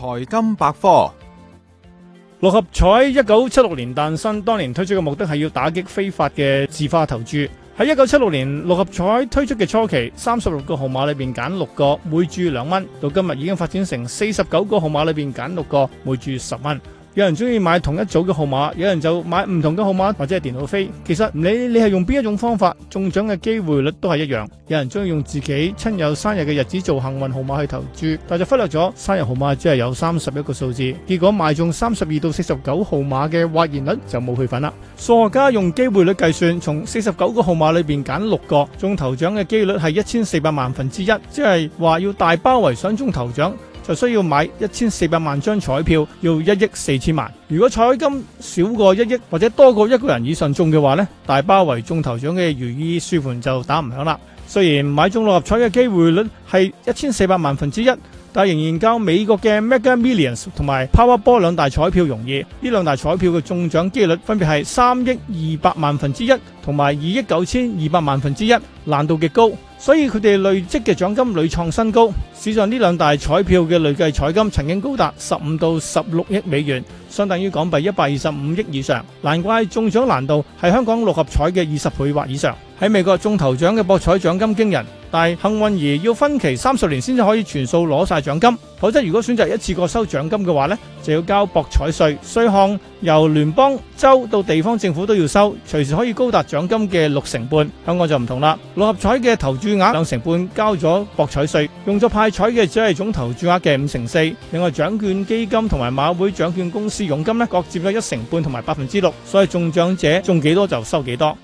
財金百科，六合彩一九七六年誕生，當年推出嘅目的係要打擊非法嘅字花投注。喺一九七六年六合彩推出嘅初期，三十六個號碼裏邊揀六個，每注兩蚊；到今日已經發展成四十九個號碼裏邊揀六個，每注十蚊。有人中意買同一組嘅號碼，有人就買唔同嘅號碼或者係電腦飛。其實唔理你係用邊一種方法中獎嘅機會率都係一樣。有人中意用自己親友生日嘅日子做幸運號碼去投注，但就忽略咗生日號碼只係有三十一個數字，結果買中三十二到四十九號碼嘅發現率就冇去份啦。數學家用機會率計算，從四十九個號碼裏邊揀六個，中頭獎嘅機率係一千四百萬分之一，即係話要大包圍想中頭獎，就需要買一千四百萬張彩票，要一億四千萬。如果彩金少過一億或者多過一個人以上中嘅話呢，大包圍中頭獎嘅如意算盤就打唔響啦。雖然買中六合彩嘅機會率係一千四百萬分之一。但仍然較美國嘅 Megamillions 同埋 Powerball 兩大彩票容易，呢兩大彩票嘅中獎機率分別係三億二百萬分之一同埋二億九千二百萬分之一，難度極高。所以佢哋累積嘅獎金屢創新高。史上呢兩大彩票嘅累計彩金曾經高達十五到十六億美元，相當於港幣一百二十五億以上。難怪中獎難度係香港六合彩嘅二十倍或以上。喺美國中頭獎嘅博彩獎金驚人。但係幸運兒要分期三十年先至可以全數攞曬獎金，否則如果選擇一次過收獎金嘅話呢，就要交博彩稅，稅項由聯邦州到地方政府都要收，隨時可以高達獎金嘅六成半。香港就唔同啦，六合彩嘅投注額兩成半交咗博彩稅，用咗派彩嘅只係總投注額嘅五成四，另外獎券基金同埋馬會獎券公司佣金呢，各佔咗一成半同埋百分之六，所以中獎者中幾多就收幾多。